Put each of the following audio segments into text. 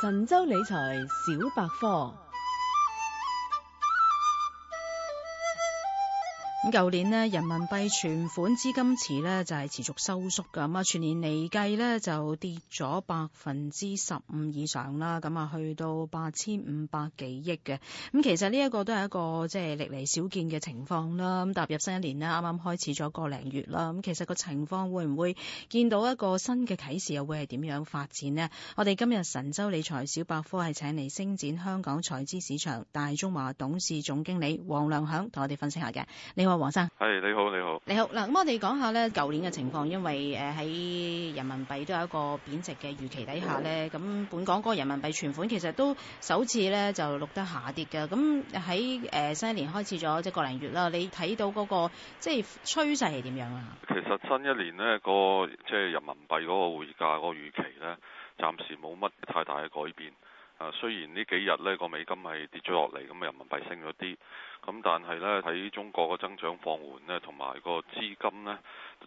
神州理財小百科。舊年咧，人民幣存款資金池咧就係、是、持續收縮噶，咁啊全年嚟計咧就跌咗百分之十五以上啦，咁啊去到八千五百幾億嘅，咁其實呢一個都係一個即係歷嚟少見嘅情況啦。咁踏入新一年咧，啱啱開始咗個零月啦，咁其實個情況會唔會見到一個新嘅啟示又會係點樣發展呢？我哋今日神州理財小百科係請嚟星展香港財資市場大中華董事總經理黃亮響同我哋分析下嘅，你好？黃生，係、hey, 你好，你好，你好嗱。咁我哋講下咧，舊年嘅情況，因為誒喺人民幣都有一個貶值嘅預期底下咧，咁、oh. 本港嗰個人民幣存款其實都首次咧就錄得下跌嘅。咁喺誒新一年開始咗即係個零月啦，你睇到嗰、那個即係、就是、趨勢係點樣啊？其實新一年呢、那個即係、就是、人民幣嗰個匯價嗰、那個預期咧，暫時冇乜太大嘅改變。啊，雖然呢幾日呢個美金係跌咗落嚟，咁啊人民幣升咗啲，咁但係呢喺中國個增長放緩呢，同埋個資金呢，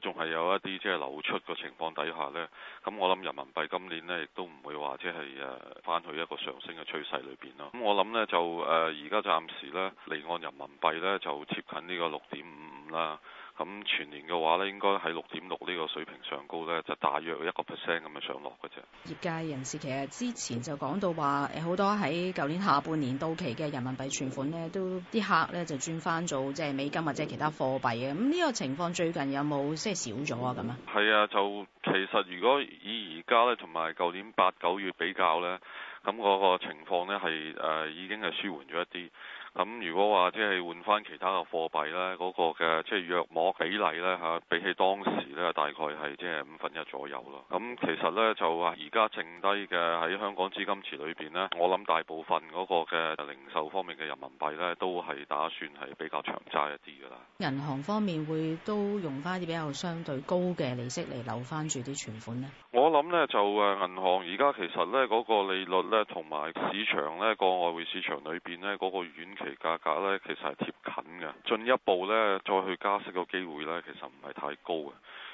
仲係有一啲即係流出個情況底下呢。咁、嗯、我諗人民幣今年呢亦都唔會話即係誒翻去一個上升嘅趨勢裏邊咯。咁、嗯、我諗呢就誒而家暫時呢，離岸人民幣呢就接近呢個六點五，啦，咁全年嘅話咧，應該喺六點六呢個水平上高咧，就大約一個 percent 咁樣上落嘅啫。業界人士其實之前就講到話，誒好多喺舊年下半年到期嘅人民幣存款咧，都啲客咧就轉翻做即係美金或者其他貨幣嘅。咁呢個情況最近有冇即係少咗啊？咁啊？係啊，就其實如果以而家咧同埋舊年八九月比較咧，咁嗰個情況咧係誒已經係舒緩咗一啲。咁如果話即係換翻其他嘅貨幣咧，嗰、那個嘅即係約莫比例咧嚇、啊，比起當時咧大概係即係五分一左右咯。咁其實咧就話而家剩低嘅喺香港資金池裏邊咧，我諗大部分嗰個嘅零售方面嘅人民幣咧，都係打算係比較長揸一啲㗎啦。銀行方面會都用翻啲比較相對高嘅利息嚟留翻住啲存款咧？我諗咧就誒銀行而家其實咧嗰、那個利率咧同埋市場咧個外匯市場裏邊咧嗰個遠期。期價格呢，其實係貼近嘅。進一步呢，再去加息個機會呢，其實唔係太高嘅。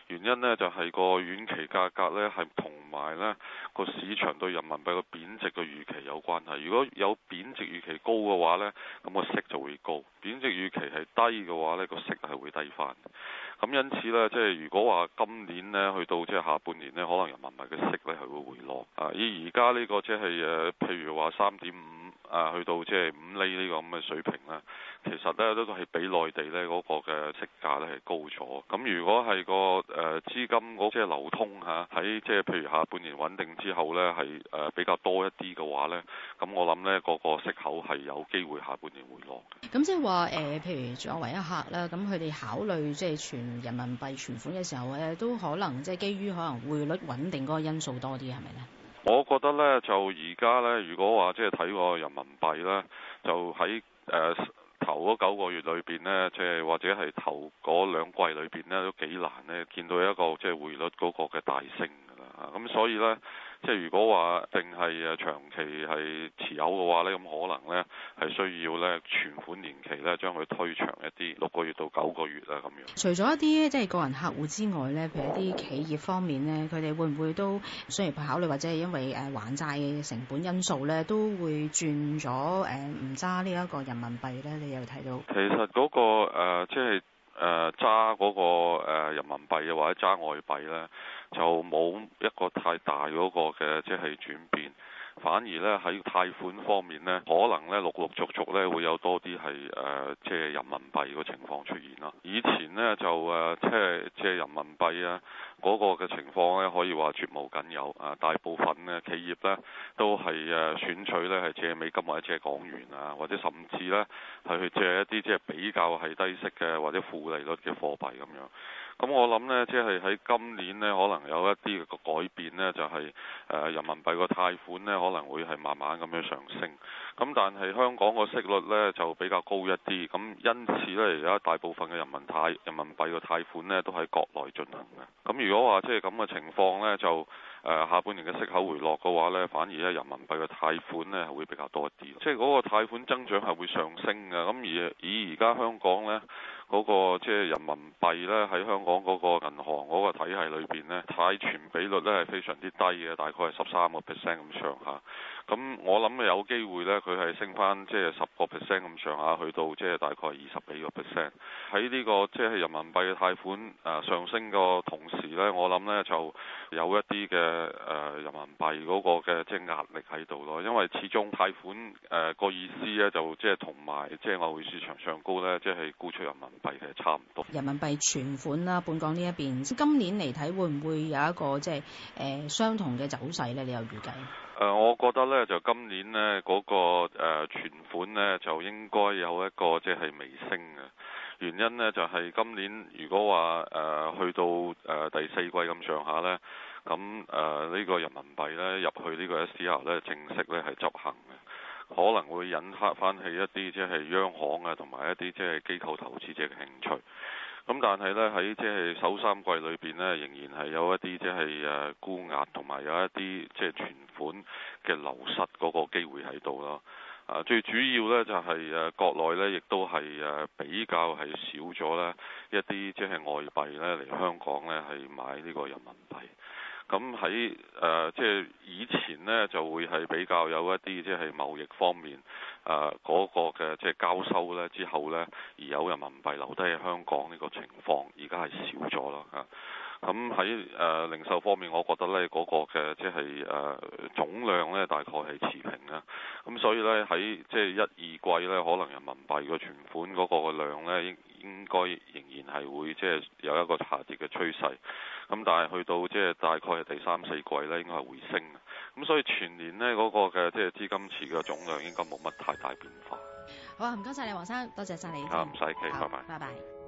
原因呢，就係、是、個遠期價格呢，係同埋呢、個市場對人民幣個貶值嘅預期有關係。如果有貶值預期高嘅話呢，咁、個息就會高；貶值預期係低嘅話呢，個息係會低翻。咁因此呢，即、就、係、是、如果話今年呢去到即係下半年呢，可能人民幣嘅息呢係會回落。啊，以而家呢個即係誒，譬如話三點五。啊，去到即係五厘呢個咁嘅水平啦，其實咧都係比內地咧嗰個嘅息價咧係高咗。咁如果係個誒資金即係流通嚇，喺即係譬如下半年穩定之後咧，係誒比較多一啲嘅話咧，咁我諗咧個個息口係有機會下半年回落嘅。咁即係話誒，譬如作為一客啦，咁佢哋考慮即係存人民幣存款嘅時候咧，都可能即係基於可能匯率穩定嗰個因素多啲，係咪咧？我覺得呢，就而家呢，如果話即係睇個人民幣呢，就喺誒頭嗰九個月裏邊呢，即係或者係頭嗰兩季裏邊呢，都幾難呢見到一個即係匯率嗰個嘅大升㗎啦。咁所以呢。即係如果話定係誒長期係持有嘅話咧，咁可能咧係需要咧存款年期咧將佢推長一啲，六個月到九個月啦咁樣。除咗一啲即係個人客戶之外咧，譬如一啲企業方面咧，佢哋會唔會都雖然考慮，或者係因為誒還債嘅成本因素咧，都會轉咗誒唔揸呢一個人民幣咧？你有睇到？其實嗰個誒即係。呃即係誒，揸嗰、呃那個誒、呃、人民幣，啊，或者揸外幣咧，就冇一個太大嗰個嘅即係轉變。反而咧，喺貸款方面咧，可能咧陸陸續續咧會有多啲係誒即係人民幣個情況出現啦。以前呢，就誒即係借人民幣啊嗰個嘅情況咧，可以話絕無僅有啊。大部分咧企業咧都係誒選取咧係借美金或者借港元啊，或者甚至咧係去借一啲即係比較係低息嘅或者負利率嘅貨幣咁樣。咁、嗯、我諗呢，即係喺今年呢，可能有一啲嘅改變呢，就係、是、誒、呃、人民幣個貸款呢。可能會係慢慢咁樣上升，咁但係香港個息率呢就比較高一啲，咁因此呢，而家大部分嘅人民貸人民幣嘅貸款呢都喺國內進行嘅，咁如果話即係咁嘅情況呢，就、呃、下半年嘅息口回落嘅話呢，反而咧人民幣嘅貸款呢係會比較多一啲，即係嗰個貸款增長係會上升嘅，咁而以而家香港呢。嗰個即係人民幣咧，喺香港嗰個銀行嗰個體系裏邊咧，貸存比率咧係非常之低嘅，大概係十三個 percent 咁上下。咁我諗有機會咧，佢係升返即係十個 percent 咁上下，去到即係大概二十幾個 percent。喺呢個即係人民幣嘅貸款誒上升個同時咧，我諗咧就有一啲嘅誒人民幣嗰個嘅即係壓力喺度咯，因為始終貸款誒、呃那個意思咧就即係同埋即係外匯市場上高咧，即係高出人民。幣係差唔多。人民幣存款啦，本港呢一邊，今年嚟睇會唔會有一個即係誒、呃、相同嘅走勢咧？你有預計？誒、呃，我覺得咧就今年咧嗰、那個、呃、存款咧就應該有一個即係微升嘅。原因咧就係、是、今年如果話誒、呃、去到誒、呃、第四季咁上下咧，咁誒呢個人民幣咧入去個呢個 SIR 咧正式咧係執行嘅。可能會引發翻起一啲即係央行啊，同埋一啲即係機構投資者嘅興趣。咁但係呢，喺即係首三季裏邊呢，仍然係有一啲即係誒沽壓，同埋有一啲即係存款嘅流失嗰個機會喺度咯。啊，最主要呢，就係、是、誒國內呢，亦都係誒比較係少咗呢一啲即係外幣呢嚟香港呢，係買呢個人民幣。咁喺誒，即係以前呢，就會係比較有一啲即係貿易方面啊，嗰個嘅即係交收呢之後呢，而有人民幣留低喺香港呢個情況，而家係少咗啦嚇。咁喺誒零售方面，我覺得咧嗰、那個嘅即係誒、呃、總量咧，大概係持平啦。咁、嗯、所以咧喺即係一、二季咧，可能人民幣嘅存款嗰個量咧，應應該仍然係會即係有一個下跌嘅趨勢。咁、嗯、但係去到即係大概係第三、四季咧，應該係回升。咁、嗯、所以全年咧嗰、那個嘅即係資金池嘅總量應該冇乜太大變化。好，謝謝謝謝啊，唔該晒，你好，黃生，多謝晒你。啊，唔使嘅，拜拜。拜拜。